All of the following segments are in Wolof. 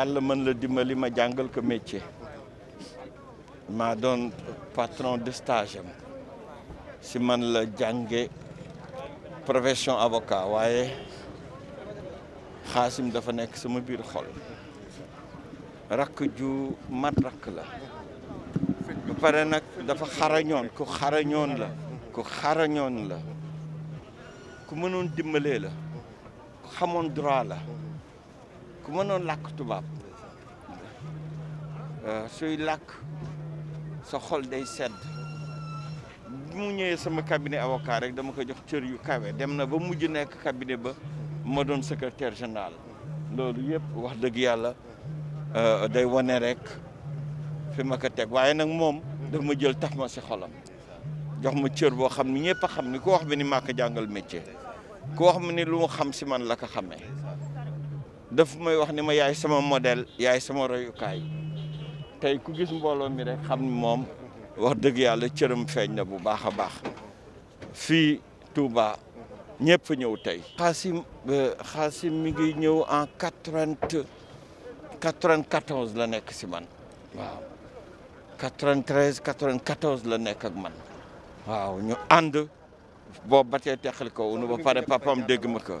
yàlla mën la dimbali ma jàngal ko métier maa doon patron de stage am si man la jànge profession avocat waaye xaasim dafa nekk sama biir xol rakk ju mat rakk la ba pare nag dafa xarañoon ku xarañoon la ku xarañoon la ku mënoon dimbalee la ku xamoon droit la ku mënoon làkk tubaab euh, suy làkk sa xol day sedd mu ñëwee sama cabinet avocat rek dama ko jox cër yu kawe dem na ba mujj nekk cabinet ba ma doon secretaire général loolu yëpp wax dëgg yàlla euh, day wane rek fi ma ko teg waaye nag moom dama jël tax ma si xolam jox ma cër boo xam ni ñëpp a xam ni ku wax bi ni maa ko jàngal métier ku wax ma ni lu xam si man la ko xamee daf may wax ni ma yaay sama model yaay sama royukaay tey ku gis mbooloo mi rek xam ni moom wax dëgg yàlla cëram feeñ na bu baax a baax fii Touba ñépp ñëw tey. Xaasim Xaasim mi ngi ñëw en quatre vingt la nekk si man waaw quatre la nekk ak man waaw ñu ànd boo ba tey teqal ko nu ba pare papam dégg ma ko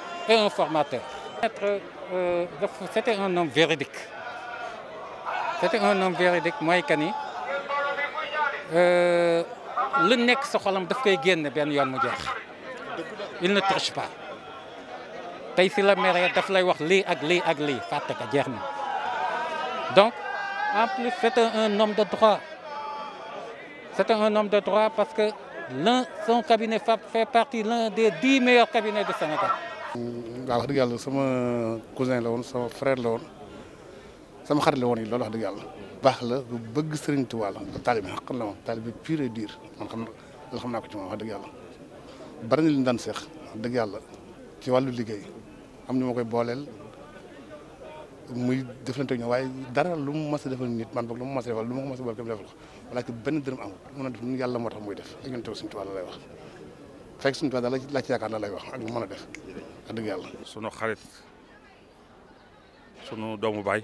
et un formateur. Euh, c'était un homme véridique. C'était un homme véridique, Moi et Le lu nekk sa xolam daf koy génn il ne triche pas Tay si la meree daf lay wax li ak li ak li ka donc en plus c'était un homme de droit C'est un homme de droit parce que l'un son cabinet fait partie l'un des 10 meilleurs cabinets du Sénégal waaw wax dëgg yàlla sama cousin la woon sama frère la woon sama xarit la woon yi loolu wax dëgg yàlla. baax la lu bëgg Serigne Touba la taalibe bi xam la moom taalibe bi pur et diir man xam la xam naa ko ci moom wax dëgg yàlla bari na li ñu daan seex dëgg yàlla ci wàllu liggéey am ñu ma koy booleel muy deflante a defal nit man boog lu mu mas a defal lu ma ko mas a boole kenn def yàlla moo tax muy def ak ñun taw Serigne Touba la lay wax fekk Serigne Touba daal laa yaakaar la lay wax ak lu mën a def wax sunu xarit sunu doomu baay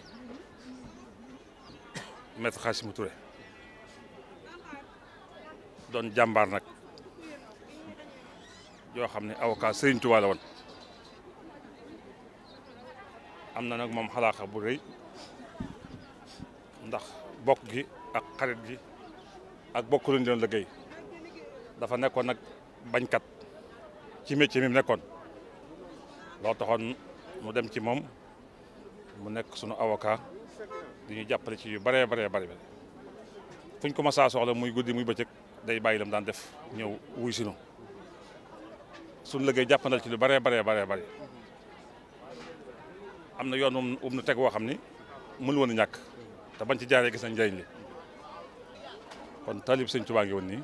maître Khassimou Touré doon jàmbaar nag yoo xam ne avocat Serigne Touba la woon am na nag moom xalaaxa bu rëy ndax bokk gi ak xarit gi ak bokk luñ doon liggéey dafa nekkoon nag bañkat ci métier mi nekkoon. loo taxoon mu dem ci moom mu nekk sunu avocat di ñuy jàppale ci yu bëree bëree bëri fu ñu ko mës a soxla muy guddi muy bëccëg day bàyyi lam daan def ñëw wuy sinu suñu liggéey jàppandal ci lu bëree bëree bëree bëri am na yoon um nu teg woo xam ni mënu woon a ñàkk te bañ ci jaaree gis nañ njëriñ li kon talib sëñ Tuubaa ngi woon nii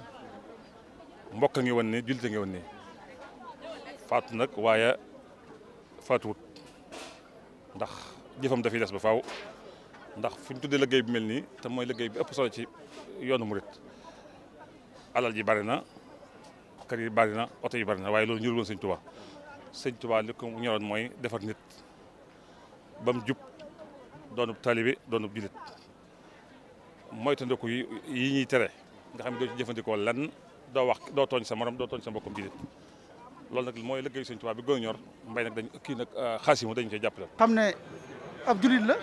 mbokk ngi woon nii jullit ngi woon nii faatu nag waaye faatuwut ndax jëfam dafiy des ba faaw ndax fu ñu tuddee liggéey bi mel nii te mooy liggéey bi ëpp solo ci yoonu murit alal ji bari na kër yi bari na oto yi bari na waaye loolu ñurul woon sëñ Tuubaa sëñ Tuubaa li ko ñoroon mooy defar nit ba jub doonub taalibe doonub jullit moytandiku yi ñuy tere nga xam ne doo ci jëfandikoo lan doo wax doo tooñ sa morom doo tooñ sa mbokkum jullit lool nag mooy liggéey Sëñ Tuubaa bi gën ñor mbay nag dañ kii nag euh, xaasimu dañ koy jàppale. xam ne ab julit la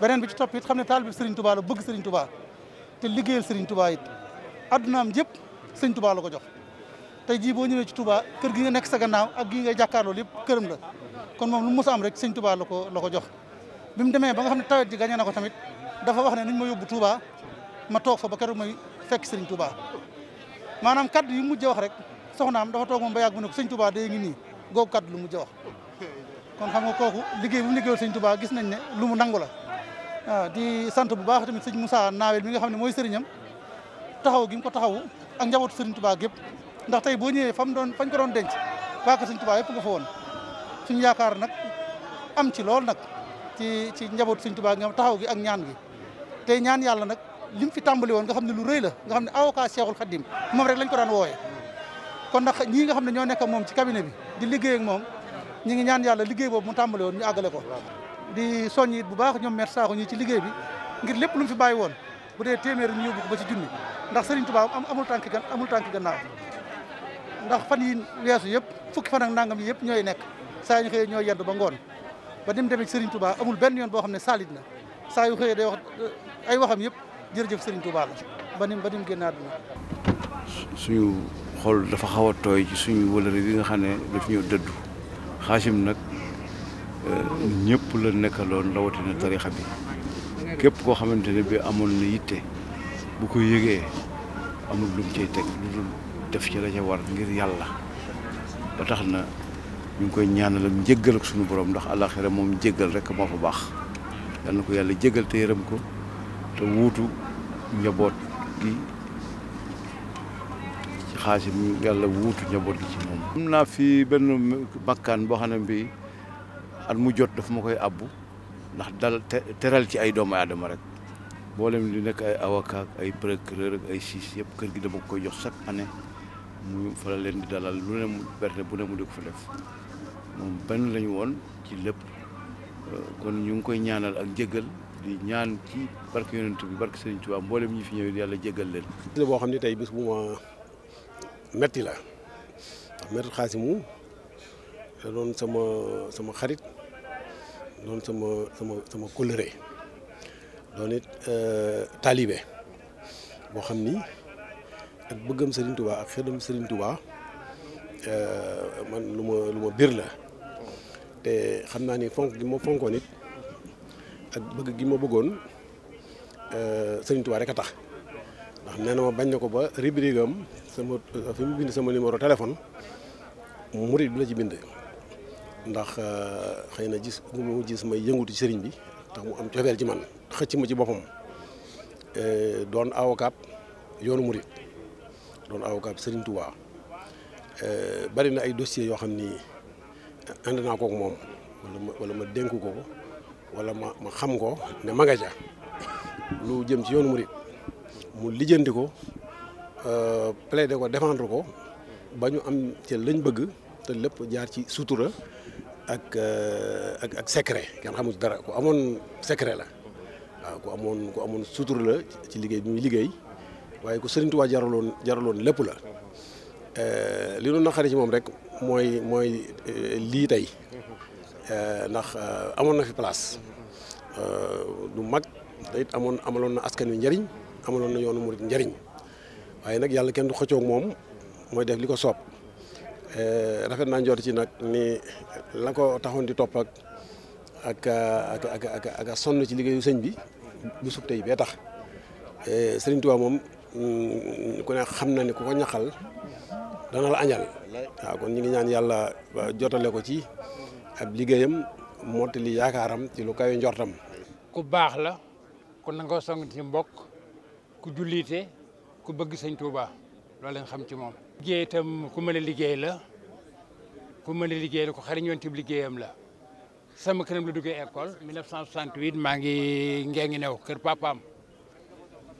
beneen bi ci topp xam ne taal bi Serigne tubaala bëgg Serigne Touba te liggéeyal Serigne Touba it addunaam yëpp Serigne Touba ko jox tey jii boo ñëwee ci tubaa kër gi nga nekk sa gannaaw ak gi ngay jàkkaarloo yëpp këram la kon moom lu mos a am rek Serigne Touba la ko ko jox. bi demee ba nga xam ne tawet ji gañe na ko tamit dafa wax ne nañ ma yóbbu Touba ma toog fa ba keroog may fekk Serigne Touba maanaam kaddu yu mujj wax rek. soxnam dafa toogoon ba yàgg mu ne ko sëñ Touba day ngi ni gog kat lu mu jox kon xam nga koku liggey bu liggey seigne Touba gis nañ ne lu mu nangula la di sante bu baax tamit seigne Moussa Nawel mi nga xam moy mooy taxaw gi ngi ko taxaw ak njabot seigne Touba gep ndax tay bo ñewé fam doon fañ ko doon denc ba baaka seigne Touba yëpp nga fa won suñu yaakar nak am ci lool nak ci ci njabot seigne Touba gi nga taxaw gi ak ñaan gi tay ñaan yalla nak lim fi tambali won nga xam lu reuy la nga xam ne avocat Cheikhul Khadim mom rek lañ ko daan woyé kon nag ñii nga xam ne ñoo nekk moom ci cabinet bi di liggéey ak moom ñi ngi ñaan yàlla liggéey boobu mu tàmbale woon ñu àggale ko di soññ bu baax ñoom maître Sakho ñi ci liggéey bi ngir lépp lu mu fi bàyyi woon bu dee téeméer ñu yóbbu ko ba ci junni ndax Serigne Touba am amul tànk gan amul tànk gannaaw ndax fan yi weesu yëpp fukki fan nangam yi yëpp ñooy nekk saa yu xëyee ñooy yendu ba ngoon ba ni demee Serigne Touba amul benn yoon boo xam ne salit na saa yu xëyee day wax ay waxam yëpp jërëjëf Serigne Touba la ba ni ba ni mu génn àdduna xool dafa xaw a tooy ci suñu wëlëri yi nga xam ne daf ñu dëddu xaasim nag euh, ñëpp la nekkaloon rawatina tarixa bi képp koo xamante ne bi amoon na yitte bu ko yëgee amul lu mu cay teg lu dul def ci la ca war ngir yàlla ba tax na ñu ngi koy ñaanalam njëggal ak suñu borom ndax àllaaxira moom jéggal rek moo fa baax yal na ko yàlla jéggal te yërëm ko te wuutu njaboot gi xaasim yàlla wuutu njaboot gi ci moom. am naa fi benn bakkaan boo xam ne bii at mu jot daf ma koy abbu ndax dal teral ci ay doomu aadama rek mboolem di nekk ay avocat ay procureur ak ay siis yëpp kër gi dama koy jox chaque année mu fa la leen di dalal lu ne mu berte bu ne mu di ko fa def moom benn lañ woon ci lépp kon ñu ngi koy ñaanal ak jéggal di ñaan ci barke yonent bi barke Sëriñ Tuubaa mboolem ñi fi ñëwee yàlla jéggal leen. boo xam ne tey bis bu ma. metti la ndax maître Khassimou sama sama xarit doon sama sama sama kóllëre doon it euh, taalibe boo xam ni ak bëggam Serigne ak xedam Serigne Touba euh, man lu ma lu ma biir la te xam naa ni fonk gi ma fonkoon it ak bëgg gi ma bëggoon euh, Serigne Touba rek a tax ndax nee na ma bañ na ko ba rubrique sama euh, fi mu bind sama numéro téléphone murit bi la ci bind ndax euh, xëy na gis bu mu gis may yëngutu sëriñ bi tax mu am cofeel ci man xëcc ma ci boppam euh, doon avocat yoonu murit doon avocat sëriñ Touba bari na ay dossiers yoo xam ni ànd naa kook moom wala ma wala dénk ko ko wala ma xam ko ne ma nga ja lu jëm ci yoonu murit mu lijjandi ko Euh, plaider ko défendre ko ba ñu am ci lañ bëgg te lépp jaar ci sutura ak euh, ak ak secret kenn xamul dara ku amoon secret la waaw ku amoon ku amoon sutura la ci liggéey bi muy liggéey waaye ku Sëriñ Tuubaa jaraloon jaraloon lépp la euh, li nu naqari ci moom rek mooy mooy lii tey ndax amoon na fi place du mag tey it amoon amaloon na askan wi njëriñ amaloon na yoonu murit njariñ waye nak yalla kenn du xëccoog mom moy def liko sopp euh rafet na njort ci nak ni la ko taxoon di top ak ak ak ak ak sonu ci liggéeyu señ bi bu sub tay bee tax eh, Sëriñ Tuubaa mom mm, ku ne xam na ni ku ko ñaxal dana la añal wa kon ñi ngi ñaan yalla jotale ko ci ab liggéeyam motali yaakaaram ci lu kawé ku baax la ku nango song ci mbokk ku julité ku bëgg sëñ Touba loolu lañ xam ci moom. liggéey itam ku mën a liggéey la ku mën liggéey la ku xariñ woon tib liggéeyam la sama këram la duggee école 1968 maa ngi ngeengi new kër papaam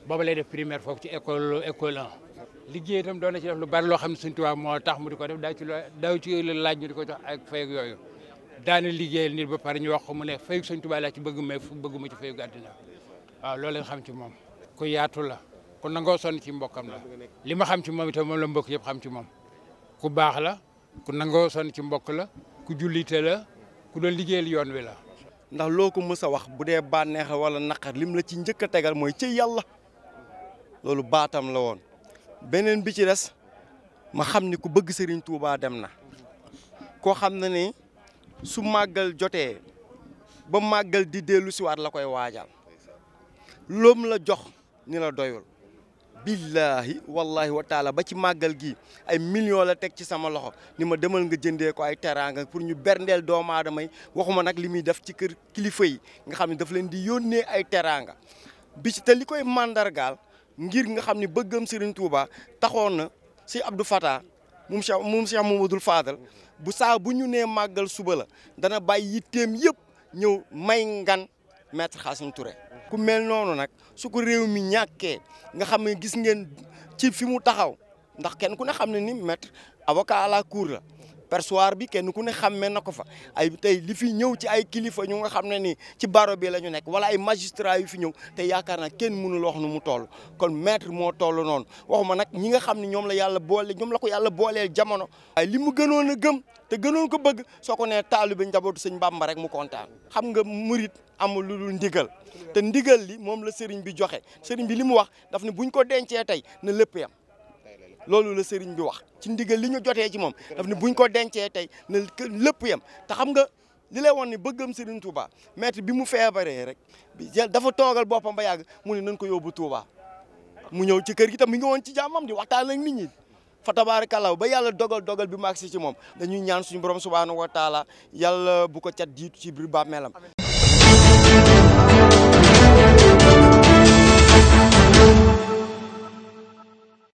booba lay de primaire foofu ci école école 1. liggéey itam doon na ci def lu bari loo xam ne sëñ Touba moo tax mu di ko def daa ci daaw ci laaj ñu di ko jox ak fay ak yooyu daana liggéeyal nit ba pare ñu wax ko mu ne fayu sëñ Touba laa ci bëgg ma bëgguma ci fayu gàddina waaw loolu lañ xam ci moom ku yaatu la. ku nangoo sonn ci mbokkam la li ma xam ci moom itam moom la mbokk yépp xam ci moom ku baax la ku nangoo sonn ci mbokk la ku jullite la ku doon liggéeyal yoon wi la ndax loo ko mës a wax bu dee bànneex wala naqar lim la ci njëkk a tegal mooy ci yàlla loolu baatam la woon beneen bi ci des ma xam ni ku bëgg Serigne Touba dem na koo xam na ni su màggal jotee ba màggal di dellu siwaat la koy waajal loom la jox ni la doyul billaahi wallaahi wa taala ba ci màggal gi ay millions la teg ci sama loxo ni ma demal nga jëndee ko ay teraanga pour ñu berndeel doomu aadama yi waxuma nag li muy def ci kër kilifa yi nga xam ne daf leen di yónnee ay teraanga bi ci te li koy màndargaal ngir nga xam ne bëggam Serigne Touba taxoon na si Abdou Fatah moom Cheikh moom Cheikh Mamadou bu saa bu ñu nee màggal suba la dana bàyyi yitteem yëpp ñëw may ngan maître Khassim ku mel noonu nag su ko réew mi ñàkkee nga xam ne gis ngeen ci fi mu taxaw ndax kenn ku ne xam ne ni maître avocat la perchoir bi kenn ku ne xàmmee na ko fa ay tey li fi ñëw ci ay kilifa ñu nga xam ne ni ci baro bi la ñu nekk wala ay magistrat yu fi ñëw te yaakaar naa kenn mënul wax nu mu toll kon maître moo toll noonu waxuma nag ñi nga xam ne ñoom la yàlla boole ñoom la ko yàlla booleel jamono. ay li mu gënoon a gëm te gënoon ko bëgg soo ko nee taalibe njabootu sëñ Bàmba rek mu kontaan xam nga murit amul lu dul ndigal te ndigal li moom la sëriñ bi joxe sëriñ bi li mu wax daf ne buñ ko dencee tey na lépp yam loolu la sëriñ bi wax ci ndigal li ñu jotee ci moom daf ne buñ ko dencee tey na lépp yem te xam nga li lay woon ni bëggam sëriñ Touba maître bi mu feebaree rek dafa toogal boppam ba yàgg mu ne nañ ko yóbbu tuuba mu ñëw ci kër gi tam mi ngi woon ci jàmmam di waxtaan ak nit ñi fa tabaarakallaa ba yàlla dogal dogal bi mu agsi ci moom dañuy ñaan suñu borom subhaanahu wa taala yàlla bu ko cat jiitu ci biir bàmmeelam